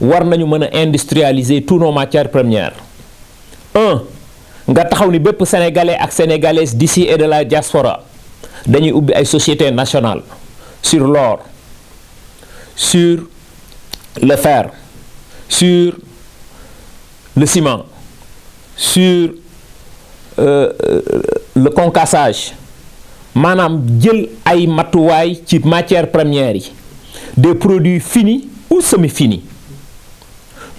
war nañu mën a industrialiser tous nos matières premières un nga taxaw ni bépp sénégalais ak di si et de la diaspora dañuy ubbi ay sociétés nationale sur l'or sur le fer sur le ciment sur euh, euh le concassage maanaam jël ay matuwaay ci matière premières yi des produits finis ou semi-finis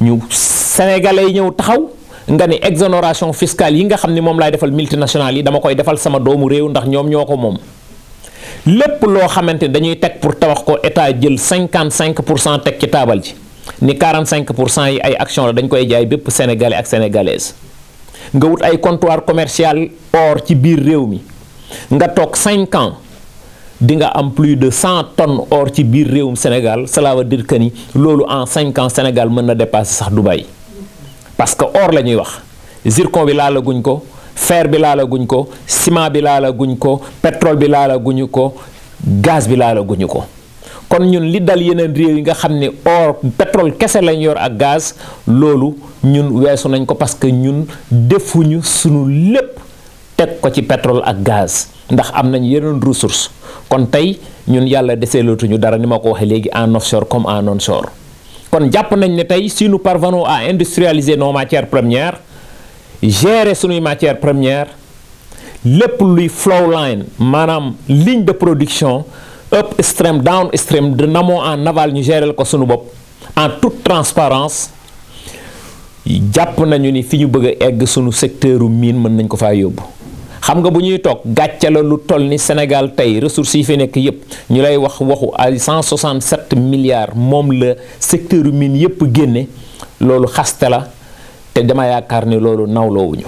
ñu sénégalais yi ñëw taxaw nga ni exonération fiscale yi nga xam ni moom laay defal multinationale yi dama koy defal sama doomu réew ndax ñoom ñoo ko moom lépp loo xamante ni dañuy teg pour tabax ko état jël cinquante cinq pour cent teg ci taabal ji ni cinq pour cent yi ay action la dañ koy jaay bépp sénégalais ak sénégalaise nga wut ay comptoir commercial or ci biir réew mi nga toog 5 ans. dinga am plus de cent tonnes or ci biir réewum Sénégal cela veut que ni loolu en cinquante Sénégal mën na dépasser sax Dubaï parce que or la ñuy wax zircon bi laala ko fer bi laala ko ciment bi laala guñ ko pétrole bi laalaguñu ko gaz bi laalaguñu ko kon ñun li dal yeneen réew yi nga xam ni or pétrole kese lañu yor ak gaz loolu ñun weesu nañ ko parce que ñun defuñu sunu lépp teg ko ci pétrole ak gaz ndax am nañ yeneen ressource kon tey ñun yàlla deseelootuñu dara ni ma ko waxee léegi en offshore comme en onshore kon jàpp nañ ne tey si nous parvenons à industrialiser nos matières premières gérer suñuy matières premières lépp luy flow line maanaam ligne de production up stream down stream de amont en aval ñu gérer ko suñu bopp en toute transparence jàpp nañu ni fi ñu bëgg egg suñu secteuru mine mën nañ ko faa yóbbu xam nga bu ñuy toog gàcce lu toll ni Sénégal tey ressources yi fi nekk yépp ñu lay wax waxu ay 167 milliards moom la secteur u mine yépp génne loolu xaste la te dama yaakaar ni loolu nawloowuñu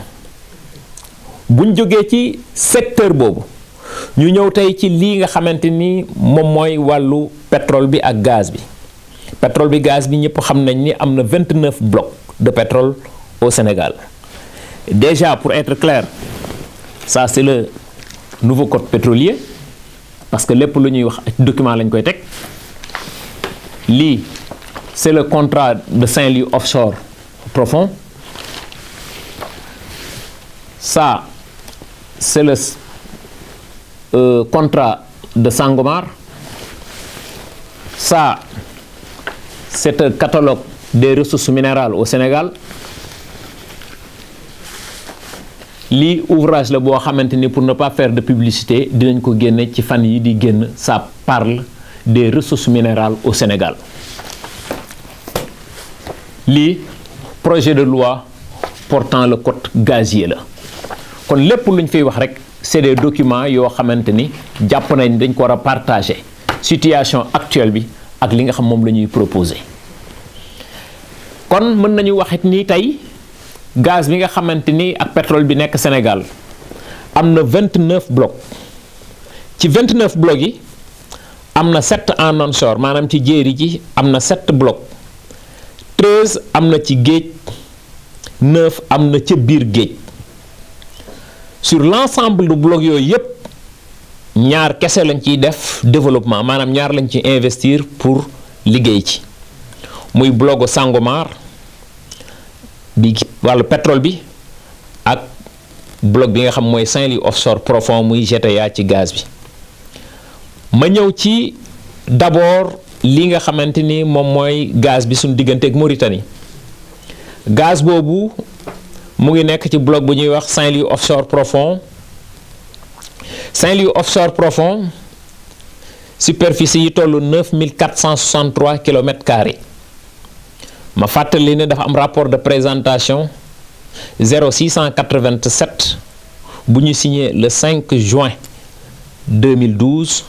buñ jógee ci secteur boobu ñu ñëw tey ci lii nga xamante ni moom mooy wàllu pétrole bi ak gaz bi pétrole bi gaz bi ñépp xam nañ ni am na 29 blocs de pétrole ou Sénégal déjà pour être clair ça c'est le nouveau code pétrolier parce que lépp lu ñuy wax document lañ koy teg lii c'est le contrat de Saint-Louis offshore profond ça c'est le euh, contrat de Sangomar ça c'est un catalogue des ressources minérales au Sénégal lii ouvrage la boo xamante ni pour ne pas faire de publicité dinañ ko génne ci fan yi di génn ça parle des ressources minérales au Sénégal lii projet de loi portant le code gazier la kon lépp lu ñu fiy wax rek c'est des documents yoo xamante ni jàpp nañ dañ ko war a partager situation actuelle bi ak li nga xam moom la ñuy proposer kon mën nañu waxit ni tey gaz bi nga xamante ni ak pétrole bi nekk Sénégal am na 29 blocs ci 29 blocs yi am na 7 en onshore maanaam ci jéeri ji am na 7 blocs 13 am na ci géej 9 am na ca biir géej sur l'ensemble du bloc yooyu yépp ñaar kese lañ ciy def développement maanaam ñaar lañ ci investir pour liggéey ci muy blocu Sangomar di wàllu pétrole bi ak bloc bi nga xam mooy Saint-Louis offshore profond muy yaa ci gaz bi ma ñëw ci d'abord li nga xamante ni moom mooy gaz bi suñu diggante ak Mauritanie gaz boobu mu ngi nekk ci bloc bu ñuy wax Saint-Louis offshore profond Saint-Louis offshore profond superficie yi toll 9463 kilomètres carrés ma fàttali ne dafa am rapport de présentation 0687 bu ñu signee le 5 juin 2012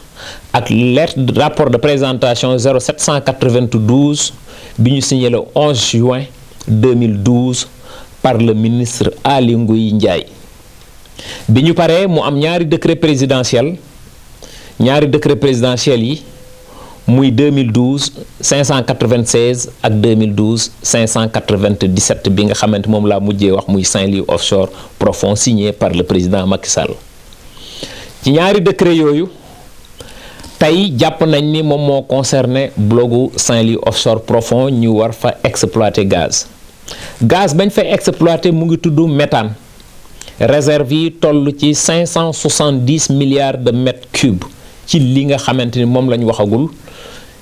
ak lettre rapport de présentation 0792 bi ñu signé le 11 juin 2012 par le ministre Aly Ngouille Ndiaye bi ñu paree mu am ñaari décret présidentiel ñaari décret présidentiel yi muy 2012 596 ak 2012 597 bi nga xamante moom laa mujjee wax muy Saint-Louis offshore profond signé par le président Macky Sall ci ñaari décret yooyu tey jàpp nañ ni moom moo concerné blogu Saint-Louis offshore profond ñu war fa exploiter gaz gaz bañ fa exploiter mu ngi tudd méthane réserve yi toll ci 570 milliards de mètres cubes ci li nga xamante ni moom la ñu waxagul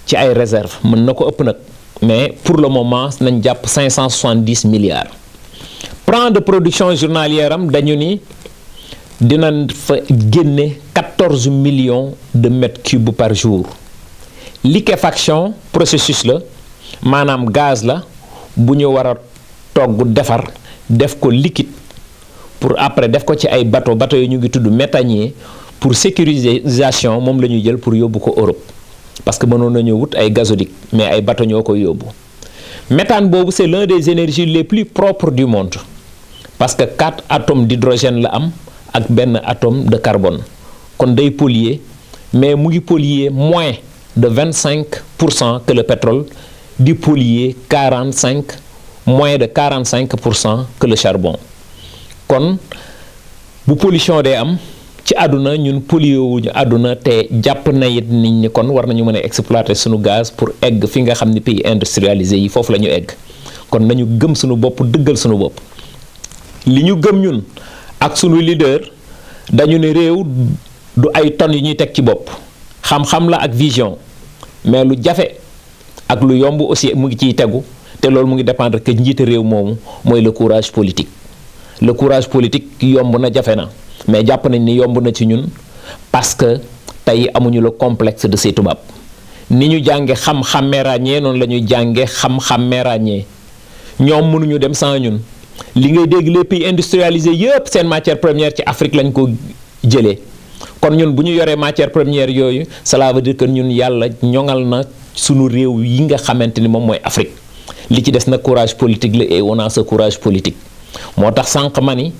ci ay réserve mën na ko ëpp nag mais pour le moment nañ jàpp 570 milliards plan de production journalière am dañu ni dina fa génne 14 millions de mètres cubes par jour liquéfaction processus la maanaam gaz la bu ñu war a togg defar def ko liquide pour après def ko ci ay bato bateau yi ñu ngi tudd méthanier pour sécurisation moom la ñuy jël pour yóbbu ko Europe parce que mënoon nañu wut ay gazoduc mais ay bateau koy yóbbu méthane boobu c'est l'un des énergies les plus propres du monde parce que quatre atomes d'hydrogène la am ak benn atome de carbone kon day polluer mais mu ngi polluer moins de vingt cinq pour cent que le pétrole di polluer quarante cinq moins de quarante cinq pour cent que le charbon kon bu pollution day am. ci àdduna ñun polio wu àdduna te jàpp na it nit ñi kon war nañu mën a exploiter sunu gaz pour egg fi nga xam ni pays industrialisé yi foofu lañu egg kon nañu gëm sunu bopp dëggal sunu bopp li ñu gëm ñun ak sunu leader dañu ne réew du ay tonnes yu ñuy teg ci bopp xam-xam la ak vision mais lu jafe ak lu yomb aussi mu ngi ciy tegu te loolu mu ngi dépendre que njiite réew moomu mooy le courage politique le courage politique yomb na jafe na mais jàpp nañ ni yomb na ci ñun parce que tey amuñu la complexe de ces tubaab ni ñu jànge xam-xàmmee noonu la ñuy jànge xam-xàmmee ñoom mënuñu dem sans ñun li ngay dégg les pays industrialisés yépp seen matière première ci Afrique lañ ko jëlee kon ñun bu ñu yoree matière première yooyu cela veut dire que ñun yàlla ñoŋal na sunu réew yi nga xamante ni moom mooy Afrique li ci des na courage politique la et on courage politique moo tax sànq ma ni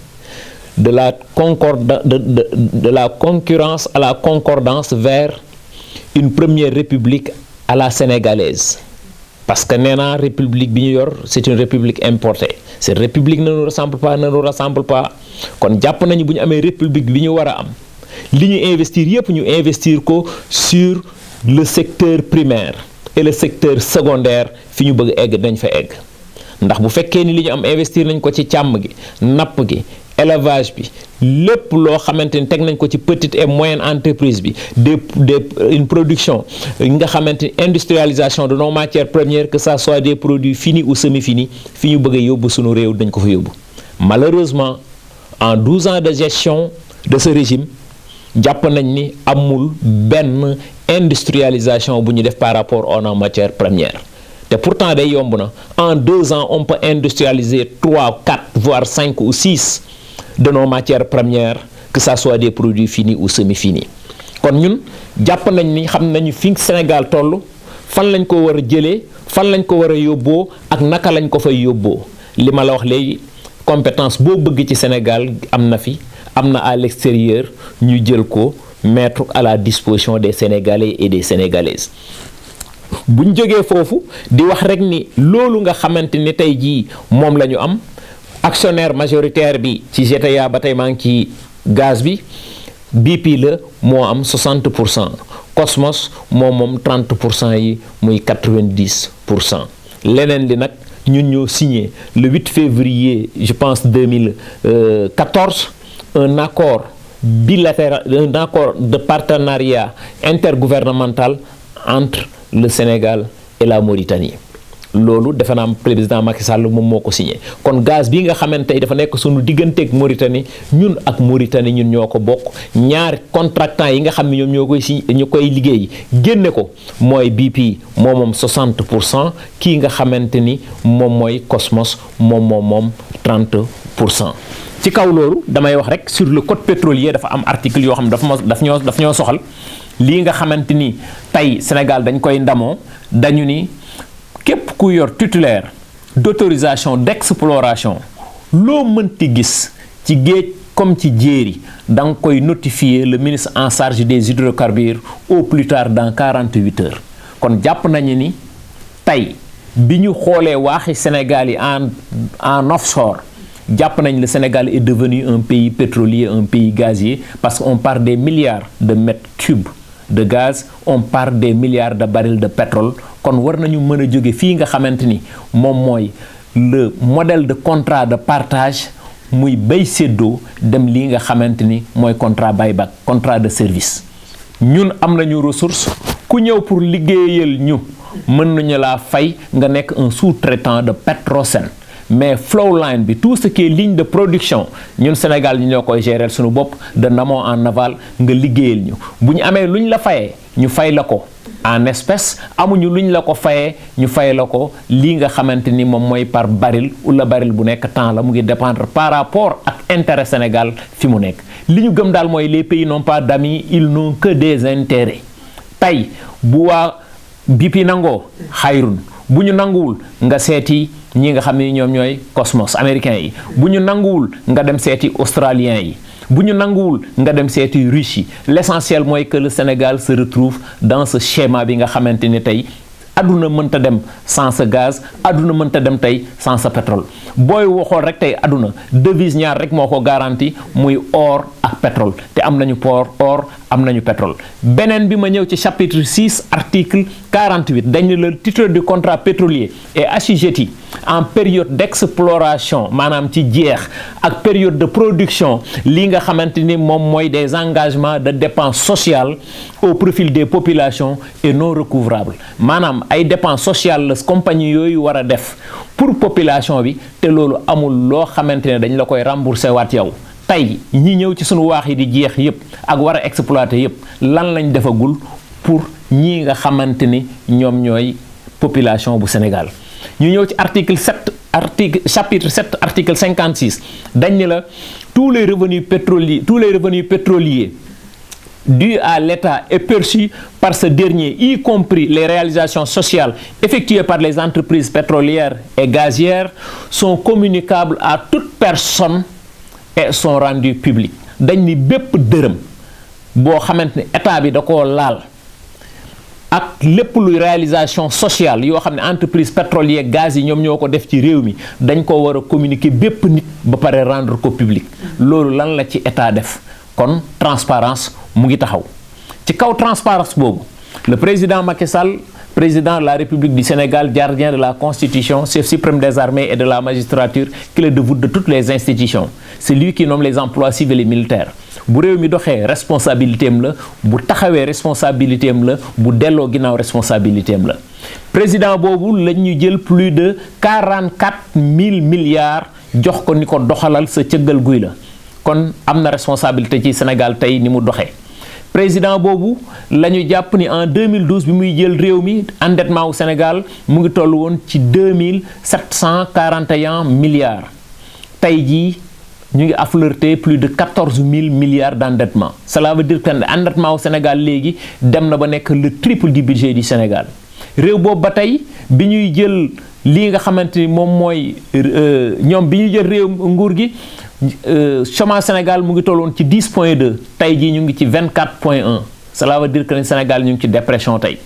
de la, concorde, de, de, de la concurrence à la concordance vers une première république à la sénégalaise. Parce que bi ñu yor c'est une république importée. Cette république ne nous ressemble pas, ne nous rassemble pas. Quand Japon ñu une république Bignor, ñu investir, ñu investir ko sur le secteur primaire et le secteur secondaire, fi ñu bëgg egg dañ fa egg. Ndax bu fekkee ni li ñu am investir nañ ko ci càmm gi, napp gi, élevage bi lépp loo xamante ni teg nañ ko ci petite et moyenne entreprise bi des des une production nga xamante ni industrialisation de nos matières premières que ça soit des produits finis ou semi finis fi ñu bëggee a yóbbu sunu réew dañ ko fa yóbbu malheureusement en 12 ans de gestion de ce régime jàpp nañ ni amul benn industrialisation bu ñu def par rapport aux nos matières premières te pourtant day yomb na en deux ans on peut industrialiser trois quatre voire cinq ou six de matière matières premières que ça soit des produits finis ou semi-finis kon ñun jàpp nañ ni xam nañu fi Sénégal toll fan lañ ko war a jëlee fan lañ ko war a yóbboo ak naka lañ ko fay yóbboo li ma la wax léegi compétence boo bëgg ci Sénégal am na fi am na à l'extérieur ñu jël ko mettre à la disposition des Sénégalais et des Sénégalaises buñ jógee foofu di wax rek ni loolu nga xamante ni tey jii moom la ñu am actionnaire majoritaire bi ci GTA ba tey maa ngi ci gaz bi BP la moo am 60 pour cent Cosmos moo moom 30 pour cent yi muy 90 pour cent leneen li nag ñu ñoo signé le 8 février je pense 2014 euh, un accord bilatéral un accord de partenariat intergouvernemental entre le Sénégal et la Mauritanie loolu defe naa président Macky Sall moom moo ko signé kon gaz bi nga xamante dafa nekk sunu digganteeg Mauritanie ñun ak Mauritanie ñun ñoo ko bokk ñaari contractant yi nga xam ne ñoom ñoo koy si ñoo koy liggéey génne ko mooy BP moom moom 60 pour cent kii nga xamante ni moom mooy Cosmos moom moom moom 30 pour cent. ci kaw loolu damay wax rek sur le code pétrolier dafa am article yoo xam ne dafa ma daf ñoo daf ñoo soxal lii nga xamante ni tey Sénégal dañ koy ndamoo dañu ni. képp ku yor titulaire d'autorisation d'exploration loo mënti gis ci géej comme ci jéeri da nga koy notifier le ministre en charge des hydrocarbures au plus tard dans 48 heures kon jàpp nañu ni tey bi ñu xoolee waaxi Sénégal yi en en offshore jàpp nañ le Sénégal est devenu un pays pétrolier un pays gazier parce que qu'on par des milliards de mètres cubes de gaz on parle des milliards de barils de pétrole kon war nañu mën a jóge fii nga xamante ni moom mooy le modèle de contrat de partage muy bay séddoo dem lii nga xamante ni mooy contrat buyback contrat de service ñun am nañu ressource ku ñëw pour liggéeyal ñu mën nañu laa fay nga nekk un sous-traitant de Petrosen mais flow line bi tout sa qui est ligne de production ñun Sénégal ñu ñoo koy gérer sunu bopp de amont en aval nga liggéeyal ñu bu ñu amee lu ñu la fayee ñu fay la ko en espèce amuñu lu ñu la ko fayee ñu fay la ko lii nga xamante ni moom mooy par baril wala baril bu nekk temps la mu ngi dépendre par rapport ak intérêt Sénégal fi mu nekk li ñu gëm daal mooy les pays n'ont pas d'amis ils n'ont que des intérêts tey bu waa BP nangoo xayrun bu ñu nanguwul nga seeti ñi nga xam ne ñoom ñooy cosmos américains yi bu ñu nanguwul nga dem seeti australiens yi bu ñu nanguwul nga dem seeti riche yi l'essentiel mooy que le Sénégal se retrouve dans ce schéma bi nga xamante ni tey àdduna mënta dem sans sa gaz adduna mënta dem tey sans sa pétrole booy waxoon rek tey adduna devise ñaar rek moo ko garanti muy or ak te am nañu port or am nañu pétrole beneen bi ma ñëw ci chapitre 6 article 48 dañ le titre du contrat pétrolier et assujetti en période d'exploration maanaam ci jeex ak période de production li nga xamante ni moom mooy des engagements de dépense sociale au profil des populations et non recouvrables maanaam ay dépenses sociale la compagnie yooyu war a def pour population bi te loolu amul loo xamante ne dañ la koy rembourser waat yow tey ñi ñëw ci suñu waax yi di jeex yépp ak war a exploiter yépp lan lañ defagul pour ñii nga xamante ni ñoom ñooy population bu Sénégal ñu ñëw ci article 7 article chapitre 7 article 56 dañ ni la tous les revenus pétroliers tous les revenus pétroliers dus à l'État et perçu par ce dernier, y compris les réalisations sociales effectuées par les entreprises pétrolières et gazières, sont communicables à toute personne et sont rendus publics dañ ni bépp dërëm boo xamante ne état bi da ko laal ak lépp luy réalisation sociale yoo xam ne entreprise pétrolière gaz yi ñoom ñoo ko def ci réew mi dañ ko war a communiquer bépp nit ba pare rendre ko public loolu lan la ci état def kon transparence mu ngi taxaw ci kaw transparence boobu le président Macky président de la République du Sénégal, gardien de la Constitution, chef suprême des armées et de la magistrature, clé de voûte de toutes les institutions. C'est ki qui nomme les emplois civils et militaires. bu réew mi doxee responsabilité am la bu taxawee responsabilité am la bu delloo ginnaaw responsabilité am la président boobu la ñu jël plus de 44 mille milliards jox ko ni ko doxalal sa cëggal guy la kon am na responsabilité ci Sénégal tey ni mu doxee président boobu la ñu jàpp ni en 2012 bi muy jël réew mi endettement wu Sénégal mu ngi toll woon ci 2741 milliards tey jii ñu ngi affleurter plus de 14000 milliards d' endettement cela veut dire que endettement wu Sénégal léegi dem na ba nekk le triple du budget du Sénégal réew boobu ba tey bi ñuy jël lii nga xamante ni moom mooy euh, ñoom bi ñu jël réew nguur gi euh, chômage Sénégal mu ngi tolloon ci 10 point deux tey jii ñu ngi ci 24 point 1 cela veut dire que Sénégal ñu ngi ci dépression tey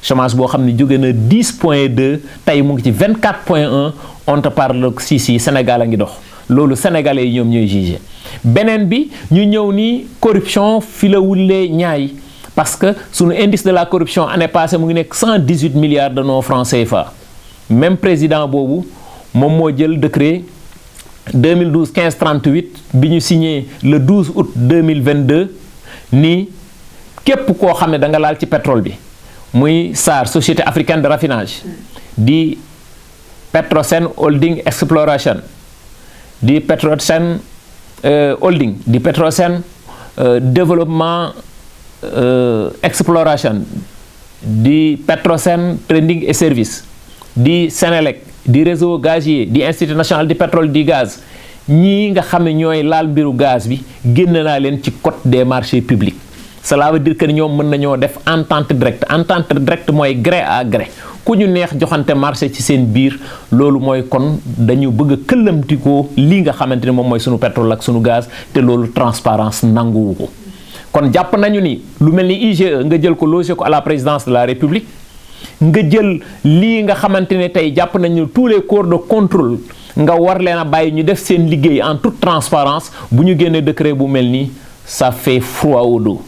chômage boo xam ne jóge na 10 point 2 tey mu ngi ci 24 point 1 on te parle si si Sénégal a ngi dox loolu sénégalais yi ñoom ñooy jugé beneen bi ñu ñëw ni corruption fi la wulee ñaay parce que sunu indice de la corruption année passée mu ngi nekk milliards de nos francs même président boobu moom moo jël décret 2012 15 38 bi ñu signee le 12 août 2022 ni képp koo xam ne da nga laal ci pétrole bi muy SAR société africaine de raffinage di Petrosen Holding Exploration di Petrosen euh, Holding di Petrosen euh, développement euh, exploration di Petrosen trading et service di Senelec di réseau yi di institut national du pétrole du gaz ñii nga xam ne ñooy laal mbiru gaz bi génn naa leen ci code des marchés publics cela veut dire que ñoom mën nañoo def entente directe entente directe mooy gré à gré ku ñu neex joxante marché ci seen biir loolu mooy kon dañu bëgg a këllamtikoo lii nga xamante ne moom mooy sunu pétrole ak sunu gaz te loolu transparence nanguwu ko kon jàpp nañu ni lu mel ni IGE nga jël ko logé ko à la présidence la république nga jël lii nga xamante ne tey jàpp nañu tous les corps de contrôle nga war leen a bàyyi ñu def seen liggéey en toute transparence bu ñu génnee décret bu mel nii ça fait froid au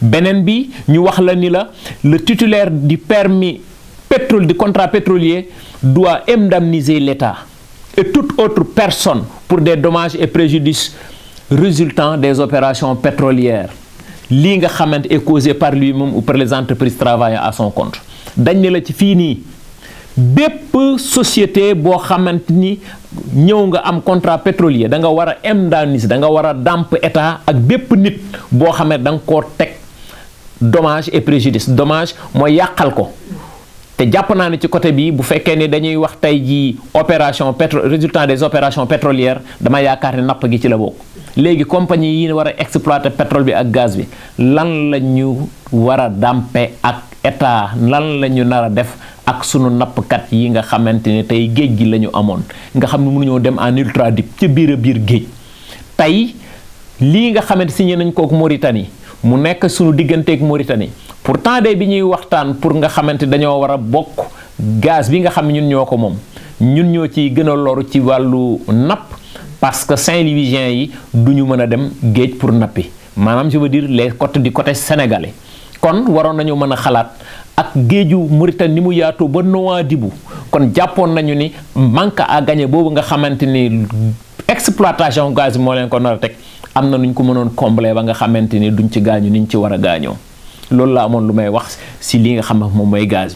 beneen bi ñu wax la ni la le titulaire di permis pétrole du contrat pétrolier doit indemniser l'État et toute autre personne pour des dommages et préjudices résultant des opérations pétrolières lii nga xamante est causé par lui-même ou par les entreprises travaillant à son compte dañ ne la ci fii nii bépp société boo xamante ni ñëw nga am contrat pétrolier da nga war a indemniser da nga war a dàmp état ak bépp nit boo xam ne da nga koo teg dommage et préjudice dommage mooy yàqal ko te jàpp naa ne ci côté bi bu fekkee ne dañuy wax tey jii opération pétro résultat des opérations pétrolière dama yaakaar ne napp gi ci la bokk léegi compagnie yi war a exploiter pétrole bi ak gaz bi lan la ñu war a dàmpe ak état lan la ñu nar a def ak sunu nappkat yi nga xamante ne tey géej gi la ñu amoon nga xam ne ñoo dem en ultra deep ca biir biir géej tey lii nga xamante signé nañ kook moritani mu nekk sunu digganteeg Mauritanie pourtant de bi ñuy waxtaan pour nga xamante dañoo war a bokk gaz bi nga xam ne ñun ñoo ko moom ñun ñoo ci gën a loru ci wàllu napp parce que Saint-Louisiens yi du ñu mën a dem géej pour nappi maanaam je veux les côtes du côté sénégalais kon waroon nañu mën a xalaat ak géeju Mauritanie ni mu yaatoo ba dibu kon jàppoon nañu ni manque à gagner boobu nga xamante ni exploitation gaz bi moo leen ko nar teg am na nuñ ko mënoon combler ba nga xamante ni duñ ci gaañu niñ ci war a gaañoo loolu la amoon lu may wax si li nga xam ne moom mooy gaz